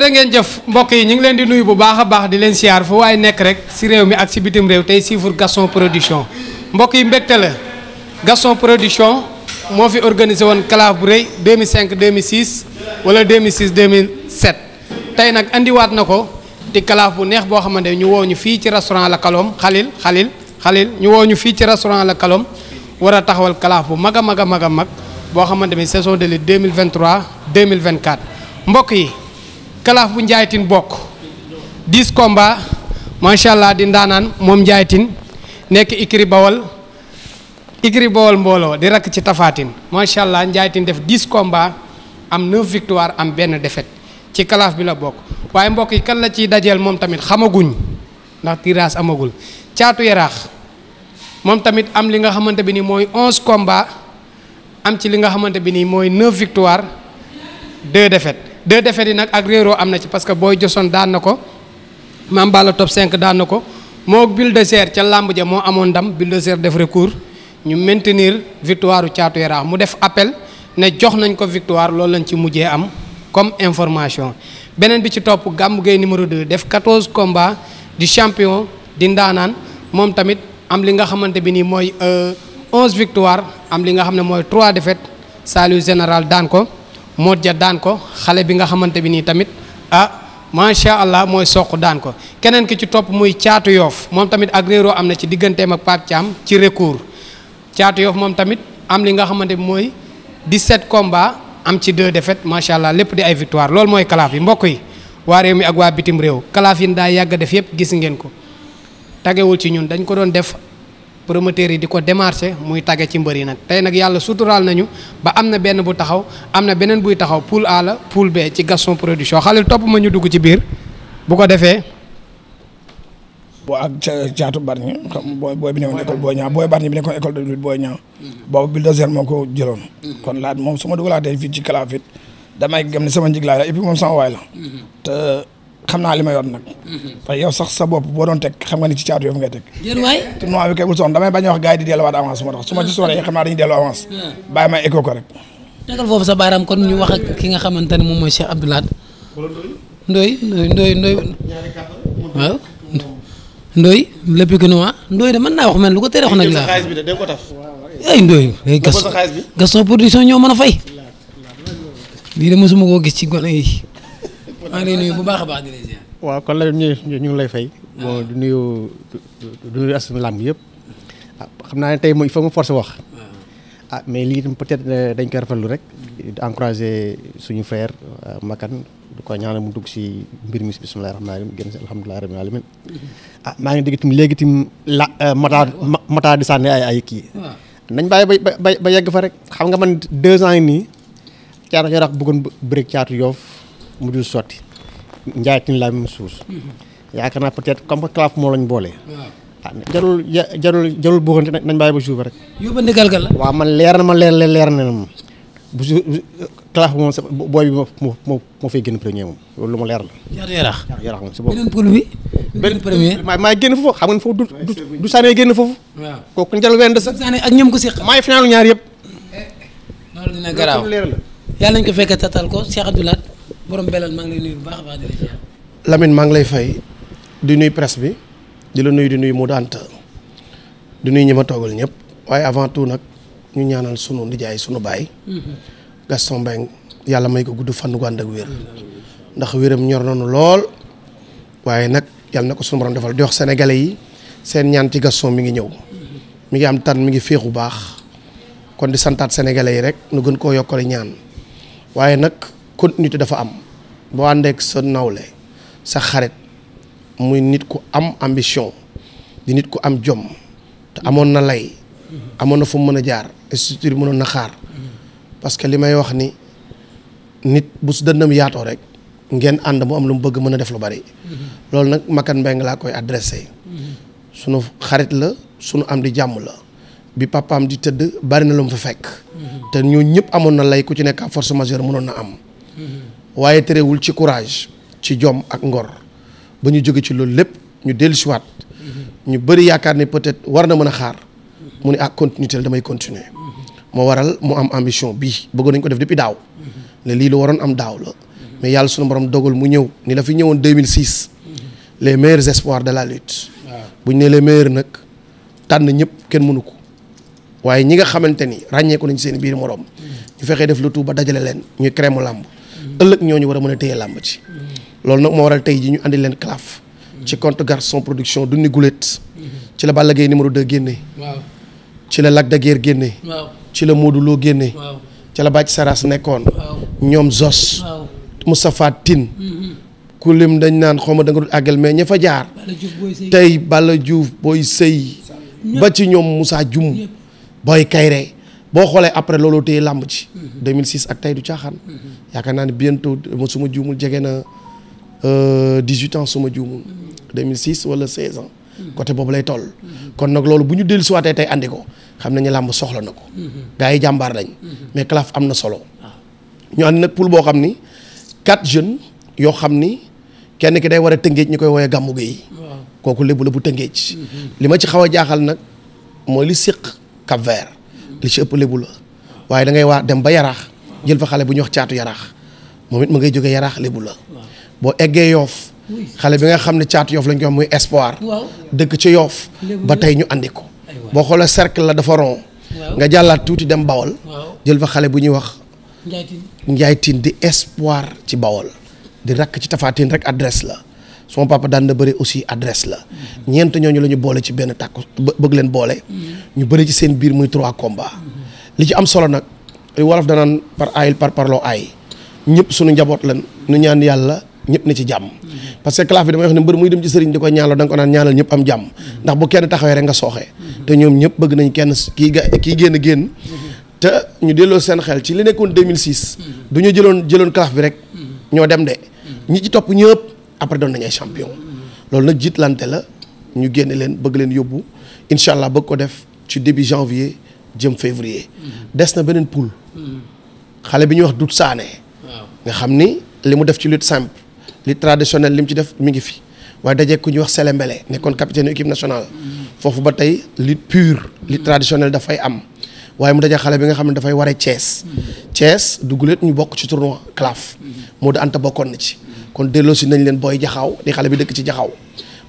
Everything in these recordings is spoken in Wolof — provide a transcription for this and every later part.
jërë ngeen jëf mbokk yi ñu ngi leen di nuyu bu baax a baax di leen siyaar fu waaye nekk rek si réew mi ak ci bitim réew tey siifur gason Production mbokk yi mbégte la gason Production moo fi organisé woon calaf bu rëy 2005 2006 wala 2006 2007 tey nag indiwaat na ko di calaf bu neex boo xamante ñu woo ñu fii ci restaurant la kaloom xalil xalil xalil ñu woo ñu fii ci restaurant la Kalom wara taxawal calaf bu mag a mag a mag a mag boo xamante ni saison de lutte vingt 2024 mbokk yi. kalaaf bu Ndiaye bokk 10 combats macha allah di ndaanaan moom Ndiaye nekk Ikri Bawal Ikri Bawal mbooloo di rakk ci Tafatine macha allah Ndiaye def 10 combats am 9 victoire am benn défaite ci kalaaf bi la bokk waaye mbokk yi kan la ciy dajeel moom tamit xamaguñ ndax tirage amagul caatu yaraax moom tamit am li nga xamante bi ni mooy 11 combats am ci li nga xamante bi ni mooy 9 victoire 2 défaites. deux défaites yi nag ak réeroo am na ci parce que Boy Joson daan ko Mame Balla top cinq daan na ko moo Bulldozer ca làmb ja moo amoon ndam Bulldozer def recours ñu maintenir victoire u Caatu Yaraax mu def appel ne jox nañ ko victoire loolu lañ ci mujjee am comme information beneen bi ci topp Gamou Gueye numéro 2 def 14 combats di champion di ndaanaan moom tamit am li nga xamante bi nii mooy euh, onze victoire am li nga xam ne mooy 3 défaites salut général daan ko moo ja daan ko xale bi nga xamante bi nii tamit ah macha allah mooy soq daan ko keneen ki ci topp muy caatu yoof moom tamit ak réeroo am na ci digganteem ak Pape Thiam ci recours caatu yoof moom tamit am li nga xamante bi mooy di set combats am ci deux défaites macha allah lépp di ay victoire lool mooy kalaaf yi mbokk yi waa mi ak waa bitim réew kalaaf yi daa yàgg def yëpp gis ngeen ko tagewul ci ñun dañ ko doon def promoteurs yi di ko démarché muy tagge ci mbër yi nag tey nag yàlla suturaal nañu ba am na benn bu taxaw am na beneen buy taxaw poul A la poule B ci Gaston Production xalil topp ma ñu dugg ci biir bu ko defee. boo ak caatu Bargny xam boo booy bi nekkoon école boo booy Bargny bi nekkoon école de lutte booy ñaa boobu bulldozer moo ko jëloon. kon laat moom su ma dugalaatee fii ci kalaafit damay gëm ne sama njiglaay la et puis moom sama waay la. xam naa li ma yor nag. yow sax sa bopp boo doon teg xam nga ni ci caatu yow ngay teg. yéen waay tournoi bi kay bul sonn damay bañ a wax gars yi di delluwaat avance su ma tax su ma ci soree xam naa dañuy dellu avance. Hmm. ma ko ñu wax ak ki nga xamante ne moom mooy Cheikh Abdou Lahad. Ndoye Ndoye lépp que noa de mën naa wax man lu ko teree wax nag laa. ay eh, Ndoye. Eh, Gaston Gaston ñoo mën a fay. lii de mosuma koo gis ci gone yi maa bu baax a baax waaw kon la ñu ñu ngi lay fay. Ah. bon du nuyu du nuyu làmb yëpp. Ah, xam naa ne tey mooy il faut force wax. Ah. ah mais lii itam peut-être euh, dañ koy rafetlu rek. di encourager suñu frère euh, Makan du ko ñaanal mu dugg si mbir mi bisimilah rahmaani rahiim génn si alhamdulilah rabbil alamin mm-hmm. ah maa ngi dégg itam léegi itam la euh, mataa mataa di sànni ay ay kii. nañ bàyyi ba ba ba yegg fa rek xam nga man deux ans yi nii caatu Yaraax bëggoon bëri caatu Yoof mu dul sotti njaay tin la même chose yaakaar naa peut-être comme que CLAF moo lañu boole. ah jarul jarul jarul buuxante nañ bàyyi ba jour ba rek. yóbbu ma gal la. waaw na ma leer na leer na ma bu jour CLAF moom sa booy bi moo moo moo fay génn premier moom loolu lu ma leer la. jaatu yaraax jaatu yaraax moom si boobu. beneen poul bi. beneen premier maa maa génn foofu xam nga foofu du du génn foofu. kooku njarul wenn de sa. Sané ak ñoom ko seq. maa ngi finaalu ñaar yëpp. Eh, eh. loolu dina garaaw loolu leer la. ko fekkee tatal ko Cheikh Abdoulaye. borom belal maa ngi lay nuyu baax a maa ngi lay fay di nuyu presse bi di la nuyu di nuyu Modou Anta di nuyu ñi ma toogal ñëpp waaye avant tout nag ñu ñaanal sunu nijaay sunu baay. Mm-hmm. Gaston Mbengue yàlla may ko gudd fan gu ak wér. ndax wéram ñor nañu lool waaye nag yàlla na ko sunu borom defal di wax sénégalais yi seen ñaan ci Gaston mi ngi ñëw. Mm-hmm. mi ngi am tan mi ngi féex bu baax kon di santaat sénégalais yi rek nu gën koo yokkale ñaan waaye nag continuité dafa am boo àndeek sa nawle sa xarit muy nit ku am ambition di nit ku am jom te amoon na lay amoon na fu mu mën a jaar structure mënoon na xaar parce li may wax ni nit bu su dëndam yaatoo rek ngeen ànd mu am lu mu bëgg mën a def lu bari loolu nag Makan Mbengue laa koy adressé sunu xarit la sunu am di jàmm la bi papaam di tëdd bari na lu mu fa fekk te ñoo ñëpp amoon na lay ku ci nekk force majeure mënoon na am waaye terewul ci courage ci jom ak ngor ba ñu jóge ci loolu lépp ñu dellusiwaat ñu bëri yaakaar ne peut-être war na mën a xaar mu ne ak ah, continuité la damay continuer moo waral mu am ambition bii bëggoon nañ ko def depuis daaw ne lii lu waroon am daaw la mais yàlla sunu borom dogal mu ñëw ni la fi ñëwoon 2006 les meilleurs espoirs de la lutte bu ñu ne les meilleurs nag tànn ñëpp kenn mënu ko waaye ñi nga xamante ni ràññeeku nañ seen biir morom ñu fexee def lu tuuba dajale leen ñuy crème làmb ëllëg ñu war a mën a téye làmb loolu nag moo waral tey ji ñu andi leen Claf ci compte Garçon production du ni gulet ci la Balla Gaye numéro 2 génnee ci la Lac de Guiers ci la Modou Lo ci la Bac Saras nekkoon ñoom Zos Moustapha Tine mm-hmm. ku lim dañ naan xawma da nga dul àggal ña fa jaar tey Balla Diouf booy sëy ba ci ñoom Moussa Dioum Boy Kayre boo xoolee après loolu téye làmb ci 2006 mhm. ak tey du caaxaan. Mhm. yaakaar naa ne bientôt su euh, suma juumul jege na 18 euh, ans su ma juumul. 2006 mhm. wala 16 ans. côté boobu lay toll. kon nag loolu bu ñu dellu siwaatee tey andi ko xam nañu làmb soxla na ko. gars yi jàmbaar lañ. mais CLAF am na solo. Ah. ñu ànd nag poule boo xam ni quatre jeunes yoo xam ni kenn ki day war a tëngeej ñu koy woowee gàmmu gi yi. kooku lébu la bu tëngeej. li ma ci xaw a jaaxal nag mooy li siq Cap li ci ëpp lébu la waaye da ngay waa dem ba yaraax jël fa xale bu ñuy wax caatu yaraax moom it mu ngay jógee yaraax lébu la boo eggee yoof xale bi nga xam ne caatu yoof lañ koy wax muy espoir dëkk ci yoof ba tey ñu andi ko boo xoolee cercle la dafa rond nga jàllaat tuuti dem bawol jël fa xale bu ñuy wax tiin di espoir ci bawol di rakk ci tafaatin rek adresse la son papa daan na bëri aussi adresse la ñeent ñooñu la ñu boole ci benn tàkku bëgg leen boole ñu bëri ci seen biir muy trois combats li ci am solo nag wolof danaan par aayil par parloo aay ñëpp suñu njaboot lan nu ñaan yàlla ñëpp na ci jàmm parce que claf bi damay wax ne mbër muy dem ci sëriñ di ko ñaanal da nga ko naan ñaanal ñëpp am jàmm ndax bu kenn taxawee rek nga sooxee te ñoom ñëpp bëgg nañ kenn kii ga kii génn génn te ñu delloo seen xel ci li nekkoon 2006 du ñu jëloon jëloon claf bi ñoo dem de ñi après doon nañ ay champion loolu nag jiitlante la ñu génne leen bëgg leen yóbbu incha allah bëgg ko def ci début janvier jëm février. des na beneen poule. xale bi ñuy wax Doudou Sané. nga xam ni li mu def ci lutte simple lutte traditionnelle li mu ci def mi ngi fi waaye daje ku ñuy wax Sele Mbele nekkoon capitaine équipe nationale. foofu ba tey lutte pure. lutte traditionnelle dafay am. waaye mu daje xale bi nga xam ne dafay waree Thiès. Thiès dugguleet ñu bokk ci tournoi CLAF. moo di bokkoon na ci. kon delloo si nañ leen booy jaxaw di xale bi dëkk ci jaxaw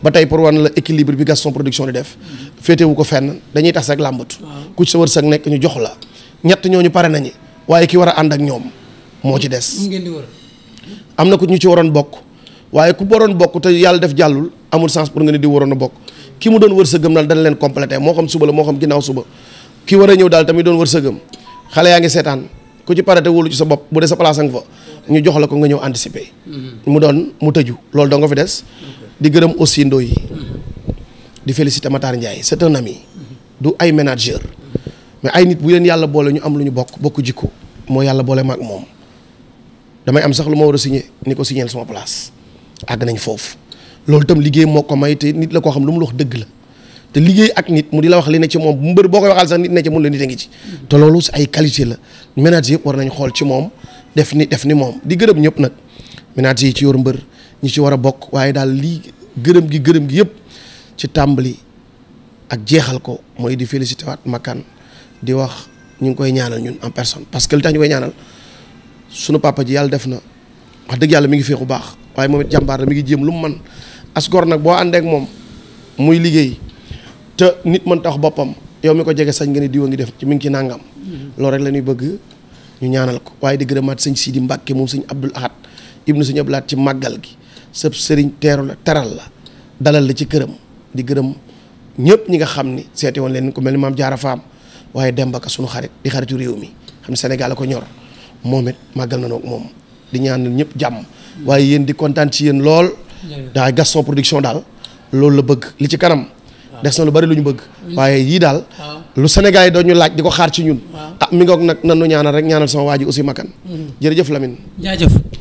ba tey pour wan la équilibre bi Gaston production di def féetewu ko fenn dañuy tas rek làmbat ku ci sa wërsëg nekk ñu jox la ñett ñooñu pare nañu waaye ki war a ànd ak ñoom moo ci des am na ku ñu ci waroon bokk waaye ku waroon bokk te yàlla def jàllul amul sens pour nga ne di waroon a bokk ki mu doon wërsëgam daal dañ leen complété moo xam suba la moo xam ginnaaw suba ki war a ñëw daal tamit doon wërsëgam xale yaa ngi seetaan ku ci pare te wóolu ci sa bopp bu dee sa place nga fa ñu jox la ko nga ñëw anticiper. mu doon mu tëju loolu da nga fi des. di gërëm aussi ndoo yi di féliciter Matar Ndiaye c'est un ami. du ay manager. mais ay nit bu leen yàlla boole ñu am lu ñu bokk bokk jikko moo yàlla boole maag moom damay am sax lu ma war a signé ni ko signéel sama place àgg nañ foofu loolu itam liggéey moo ko may te nit la koo xam lu mu la wax dëgg la te liggéey ak nit mu di la wax li ne ci moom mbër boo koy waxal sax nit ne ci mun la nit a ngi xool ci moom def ni def ni moom di gërëm ñëpp nag ménages yi ci yor mbër ñi ci war a bokk waaye daal lii gërëm gi gërëm gi yëpp ci tàmbali ak jeexal ko mooy di félicité waat Makan di wax ñu ngi koy ñaanal ñun en personne parce que li tax ñu koy ñaanal sunu papa ji yàlla def na wax dëgg yàlla mi ngi féexu baax waaye moom it jàmbaar la mi ngi jéem lu mu man asgor nag boo àndeek moom muy liggéey te nit mën tax boppam yow mi ko jege sañ nga ne diwa ngi def ci mi ngi ci nàngam mm-hmm. loolu bëgg ñu ñaanal ko waaye di gërëmaat sëñ Sidi Mbàkke moom sëñ Abdul Ahad ibnu sëñ Abdul ci màggal gi sëb sëriñ la teral la dalal la ci këram di gërëm ñëpp ñi nga xam ni seete woon leen ko mel ni maam jaara faam waaye Demba Ka sunu xarit di xaritu réew mi xam ne Sénégal a ko ñor moom it màggal na noog moom di ñaanal ñëpp jàmm waaye yéen di kontaan ci yéen lool daa Gaston Production daal loolu la bëgg li ci kanam des na lu bari lu ñu bëgg waaye yii daal lu Sénégal yi dañu laaj di ko xaar ci ñun ah mi ngoog nag nanu ñaanal rek ñaanal sama waa ji aussi makan mm. jërëjëf Lamine jaajëf